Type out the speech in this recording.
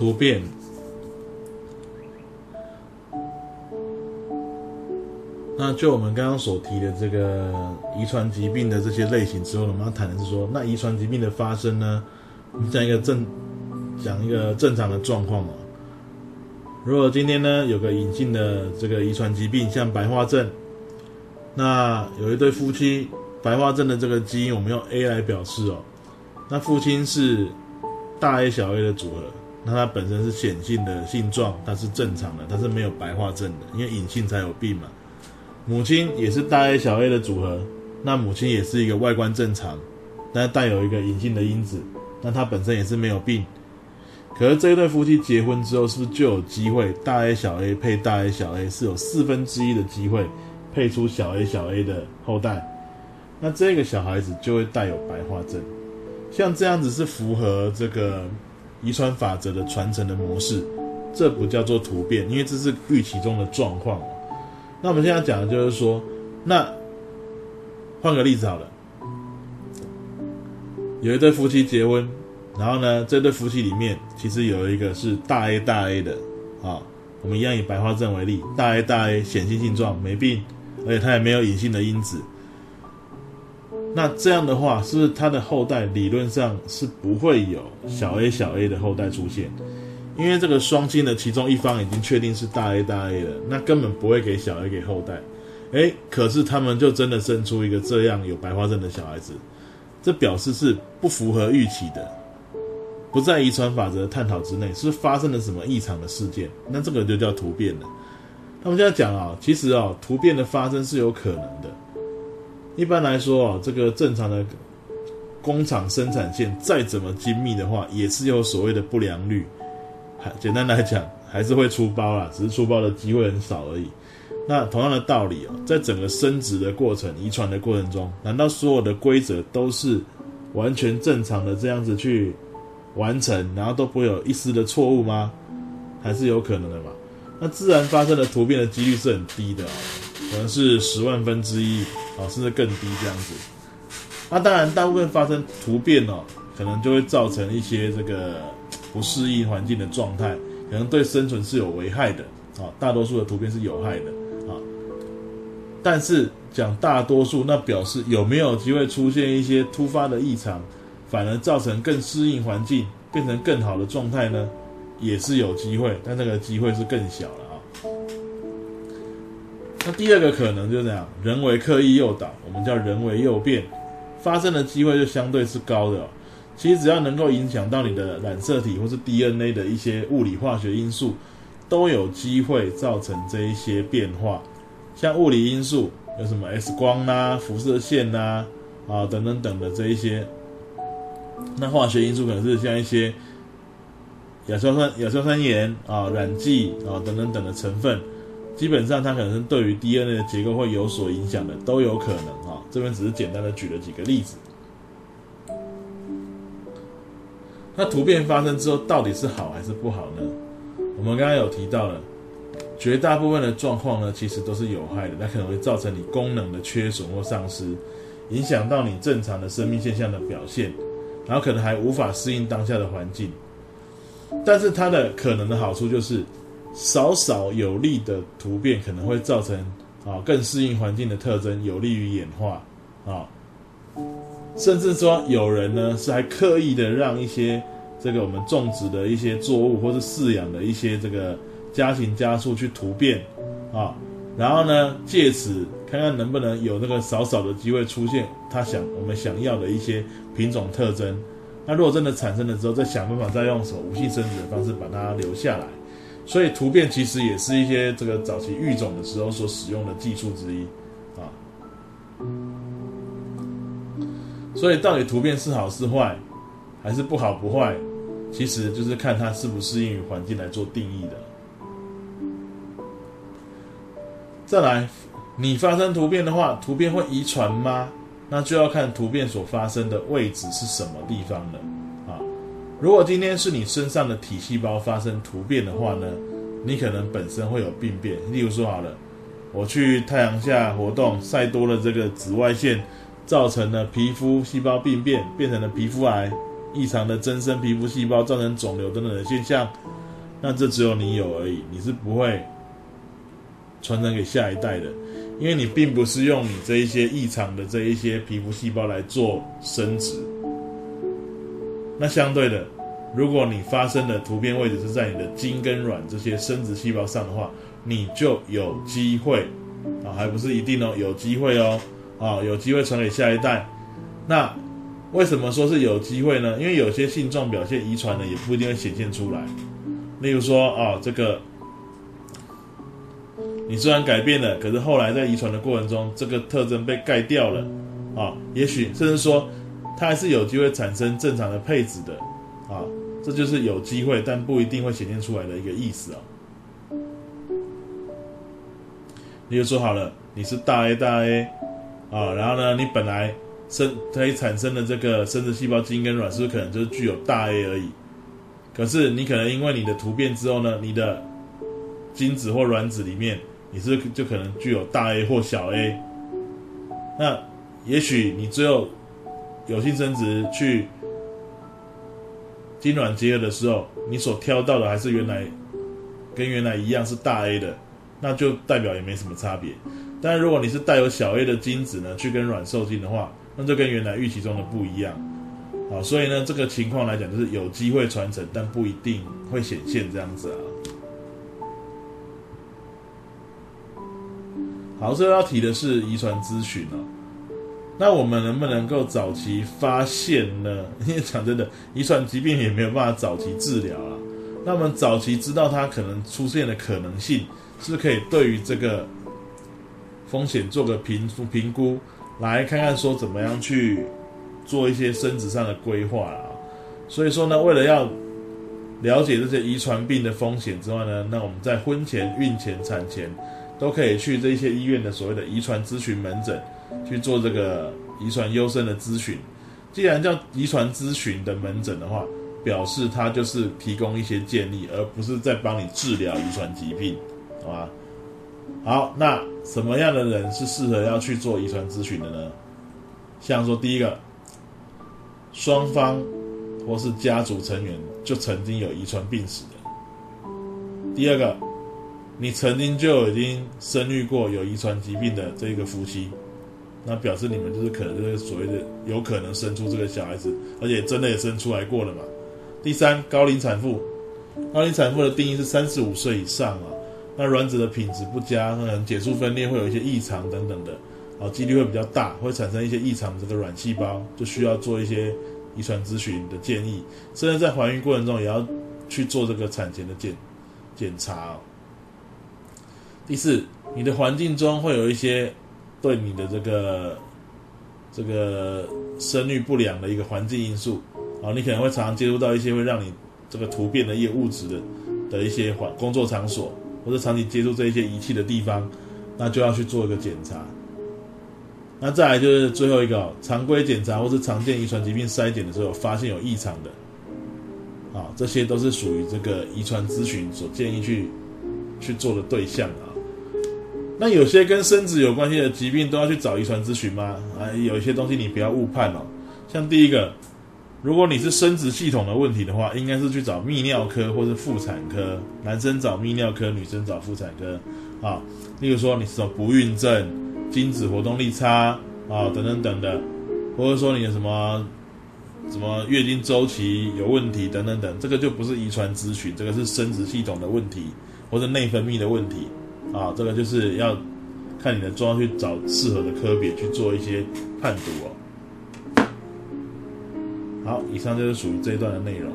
突變。那就我們剛剛所提的這個遺傳疾病的這些類型之後，我們要談的是說，那遺傳疾病的發生呢，我們講一個正，講一個正常的狀況嘛。如果今天呢有個隱性的這個遺傳疾病，像白化症，那有一對夫妻，白化症的這個基因我們用 A 來表示哦。那父親是大 A 小 a 的組合。那它本身是顯性的性狀，它是正常的，它是沒有白化症的，因為隱性才有病嘛。母親也是大 A 小 a 的組合，那母親也是一個外觀正常，但是帶有一個隱性的因子，那它本身也是沒有病。可是這一對夫妻結婚之後，是不是就有機會大 A 小 a 配大 A 小 a 是有四分之一的機會配出小 a 小 a 的後代？那這個小孩子就會帶有白化症，像這樣子是符合這個。遺傳法則的傳承的模式，這不叫做突變，因為這是預期中的狀況。那我們現在講的就是說，那換個例子好了，有一對夫妻結婚，然後呢，這對夫妻裡面其實有一個是大 A 大 A 的啊，我們一樣以白化症為例，大 A 大 A 顯性性狀沒病，而且他也沒有隱性的因子。那這樣的話，是不是他的後代理論上是不會有小 a 小 a 的後代出現？因為這個雙親的其中一方已經確定是大 A 大 A 了，那根本不會給小 a 給後代。哎，可是他們就真的生出一個這樣有白化症的小孩子，這表示是不符合預期的，不在遺傳法則探討之內，是，是發生了什麼異常的事件？那這個就叫突變了。那我們現在講啊，其實啊，突變的發生是有可能的。一般來說啊，這個正常的工廠生產線再怎麼精密的話，也是有所謂的不良率。還簡單來講，還是會出包啦，只是出包的機會很少而已。那同樣的道理喔，在整個生殖的過程、遺傳的過程中，難道所有的規則都是完全正常的這樣子去完成，然後都不會有一絲的錯誤嗎？還是有可能的嘛？那自然發生的突變的幾率是很低的啊喔。可能是十萬分之一啊，甚至更低這樣子。那當然，大部分發生突變哦，可能就會造成一些這個不適應環境的狀態，可能對生存是有危害的啊。大多數的突變是有害的啊。但是講大多數，那表示有沒有機會出現一些突發的異常，反而造成更適應環境、變成更好的狀態呢？也是有機會，但這個機會是更小。那第二個可能就是這樣，人為刻意誘導，我們叫人為誘變，發生的機會就相對是高的哦。其實只要能夠影響到你的染色體或是 DNA 的一些物理化學因素，都有機會造成這一些變化。像物理因素有什麼 X 光啦、啊、輻射線吶、啊，啊等等等的這一些。那化學因素可能是像一些亞硝酸、亞硝酸鹽啊、染劑啊等等等的成分。基本上，它可能是對於 DNA 的結構會有所影響的，都有可能哈、哦。這邊只是簡單的舉了幾個例子。那突變發生之後，到底是好還是不好呢？我們剛剛有提到了，絕大部分的狀況呢，其實都是有害的，那可能會造成你功能的缺損或喪失，影響到你正常的生命現象的表現，然後可能還無法適應當下的環境。但是它的可能的好處就是。少少有利的突變可能會造成啊，更適應環境的特徵，有利於演化啊。甚至說有人呢是還刻意的讓一些這個我們種植的一些作物，或是飼養的一些這個家禽家畜去突變啊，然後呢借此看看能不能有那個少少的機會出現他想、我們想要的一些品種特徵。那如果真的產生了之後，再想辦法再用什麼無性生殖的方式把它留下來。所以，突變其實也是一些這個早期育種的時候所使用的技術之一啊。所以，到底突變是好是壞，還是不好不壞，其實就是看它適不適應於環境來做定義的。再來，你發生突變的話，突變會遺傳嗎？那就要看突變所發生的位置是什麼地方了。如果今天是你身上的體細胞發生突變的話呢，你可能本身會有病變。例如說好了，我去太陽下活動，曬多了這個紫外線，造成了皮膚細胞病變，變成了皮膚癌，異常的增生皮膚細胞造成腫瘤等等的現象。那這只有你有而已，你是不會傳承給下一代的，因為你並不是用你這一些異常的這一些皮膚細胞來做生殖。那相對的，如果你發生的突變位置是在你的精跟卵這些生殖細胞上的話，你就有機會啊，還不是一定哦，有機會哦，啊，有機會傳給下一代。那為什麼說是有機會呢？因為有些性狀表現遺傳的也不一定會顯現出來。例如說啊，這個你雖然改變了，可是後來在遺傳的過程中，這個特徵被蓋掉了啊，也許甚至說。它還是有機會產生正常的配子的，啊，這就是有機會，但不一定會顯現出來的一個意思啊、哦。你就說好了，你是大 A 大 A，啊，然後呢，你本來生可以產生的這個生殖細胞精跟卵，是不是可能就是具有大 A 而已？可是你可能因為你的突變之後呢，你的精子或卵子裡面，你是，是就可能具有大 A 或小 A，那也許你最後。有性生殖去精卵結合的時候，你所挑到的還是原來跟原來一樣是大 A 的，那就代表也沒什麼差別。但是如果你是帶有小 A 的精子呢，去跟卵受精的話，那就跟原來預期中的不一樣。好，所以呢，這個情況來講就是有機會傳承，但不一定會顯現這樣子啊。好，最後要提的是遺傳諮詢哦。那我們能不能夠早期發現呢？因為講真的，遺傳疾病也沒有辦法早期治療啊。那我們早期知道它可能出現的可能性，是可以對於這個風險做個評評估，來看看說怎麼樣去做一些生殖上的規劃啊。所以說呢，為了要了解這些遺傳病的風險之外呢，那我們在婚前、孕前、產前都可以去這些醫院的所謂的遺傳諮詢門診。去做這個遺傳優生的諮詢，既然叫遺傳諮詢的門診的話，表示他就是提供一些建議，而不是在幫你治療遺傳疾病，好吧？好，那什麼樣的人是適合要去做遺傳諮詢的呢？像說第一個，雙方或是家族成員就曾經有遺傳病史的；第二個，你曾經就已經生育過有遺傳疾病的這個夫妻。那表示你們就是可能就是所謂的有可能生出這個小孩子，而且真的也生出來過了嘛。第三，高齡產婦，高齡產婦的定義是三十五歲以上啊。那卵子的品質不佳，可能減數分裂會有一些異常等等的，啊，幾率會比較大，會產生一些異常。這個卵細胞就需要做一些遺傳諮詢的建議，甚至在懷孕過程中也要去做這個產前的檢檢查，啊。第四，你的環境中會有一些。對你的這個這個生育不良的一個環境因素啊，你可能會常常接觸到一些會讓你這個突變的一些物質的的一些環工作場所，或者長期接觸這一些儀器的地方，那就要去做一個檢查。那再來就是最後一個，常規檢查或是常見遺傳疾病篩檢的時候發現有異常的，啊，這些都是屬於這個遺傳諮詢所建議去去做的對象啊。那有些跟生殖有關係的疾病都要去找遺傳諮詢嗎？啊，有一些東西你不要誤判哦。像第一個，如果你是生殖系統的問題的話，應該是去找泌尿科或是婦產科，男生找泌尿科，女生找婦產科。啊，例如說你是什麼不孕症、精子活動力差啊，等等等等的，或者說你的什麼什麼月經週期有問題等等等等，這個就不是遺傳諮詢，這個是生殖系統的問題或者內分泌的問題。啊，這個就是要看你的狀況去找適合的科別去做一些判讀哦。好，以上就是屬於這一段的內容。